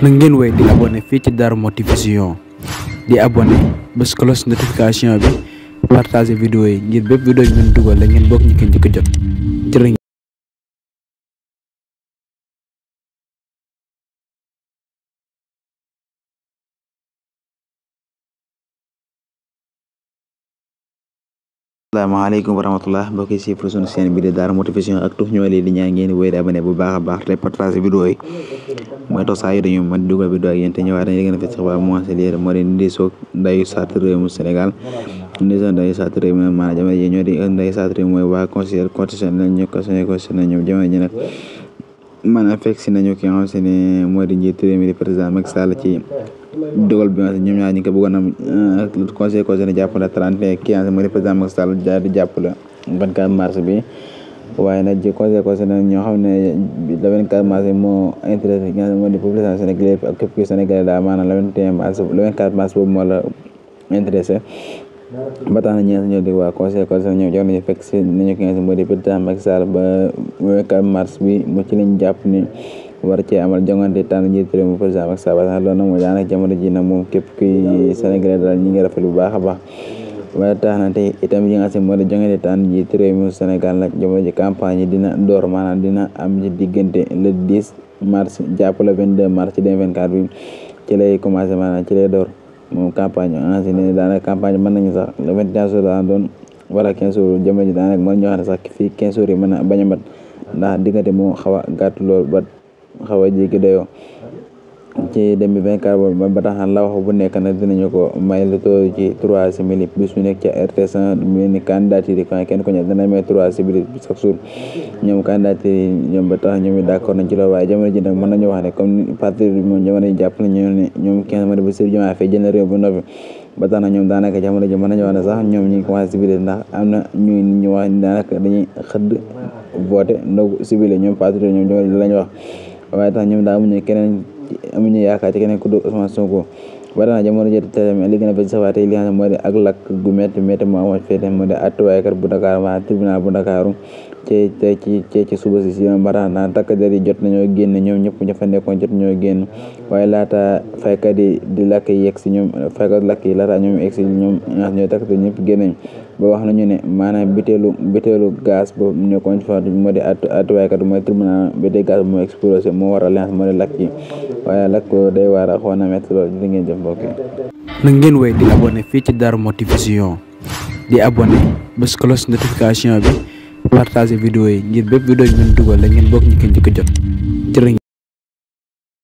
na ngeen di abonné fii ci Darou Motivation di abonné bes cloche notification bi partager vidéo yi ngir bépp vidéo yi ngeen dugal la ngeen bok ñu ko njëkk jot Assalamualaikum warahmatullahi wabarakatuh. mbokk yi sifre sunu chaîne bi di Darou Motivation Actu ñoo leen di ñaan ngeen wéy di abonné bu baax a baax te partager vidéo yi mooy tax saa yu dañu mën dugal bi doo ak yéen te ñëwaat dañu gën a fekk xibaar mu wàcc lii moo di ndi soog ndayu sart réew mu Sénégal ndi soog ndayu sart réew mi maanaam jamono ji ñoo di ndayu sart réew mooy waa conseil constitutionnel ñu conseil constitutionnel ñoom jamono ji nag maanaam fekk si nañu ki nga xam se ne moo di njiit réew mi di président Macky Sall ci dogal bi nga xam ñoom ñaar ñu ko bëggoon am conseil constitutionnel jàpp la 30 kii nga xam ne moo di président Macky Sall daal di jàpp la 24 mars bi waaye nag ci conseil constitutionnel ñoo xam ne le 24 mars moo intéressé ki moo di population sénégalais ak képp ku sénégalais daal maanaam le 21 mars le 24 mars boobu moo ñoo di waa conseil constitutionnel ñoom jox nañu fekk si nañu ki nga xam ne moo mu ci lañ jàpp ni war cee amal jongante tànn njiit réew mu président Macky Sall jamono ji na moom képp kuy sénégalais daal ñi ngi rafetlu bu baax a baax ba tax na tey itam yi nga xam moo di jongante tànn jiitu Sénégal nag jamono ji campagne yi dina door maanaam dina am ci diggante le 10 mars jàpp le 22 mars ci 2024 bi ci lay commencé maanaam ci lay door moom campagne en général daanaka campagne mën nañu sax le 21 jours daan doon wala 15 jours jamono ji daanaka mën ñoo xam ne sax fii 15 jours yi mën a bañ a mat ndax diggante moo xaw a gàtt lool ba xaw a jéggi dayoo ci 2024 boobu ba tax la wax bu nekk nag dinañu ko may lu toll ci 3 simili bis bu ca RTS 1 mu ne candidature yi quand kenn ku ne am na ñu ñu wax ni daanaka dañuy xëdd voté ndogu ciblé ñoom parti ñoom jamono ji lañu daa amuñu keneen amuñu yaakaar ci keneen ku dul Ousmane Sonko ba tax na jamono jot tamit li gën a bëri safaatee li nga xam ne moo di ak lakk gu métti métti moo amoon fee moo di attuwaaykat bu Dakar maanaam tribunal bu Dakar ci ci ci suba si si mbaraan nah, takk-der yi jot nañoo genn ñom ñep ña fa nekkoon jot nañoo genn waaye lata fay ka di di lak yek ci ñom fay ka lak yi lata ñom ex si ñoom ñaar tak takk-der ñëpp génnañ ba wax nañu ne manam bitelu bitelu gas bo gaz ko ñu fa moo di at at way atuwaaykat mooy tribunal biteelu de gas mo exploser mo wara lance mo lak yi yi lak ko day wara xona met lo di ngeen jëf bokk na ngeen way di abonné fi ci dar Motivation di abonné bés close notification bi partager vidéo yi ngir bép vidéo yi ñu dugal la ngeen bokk ñu kenn ci ko jot jërë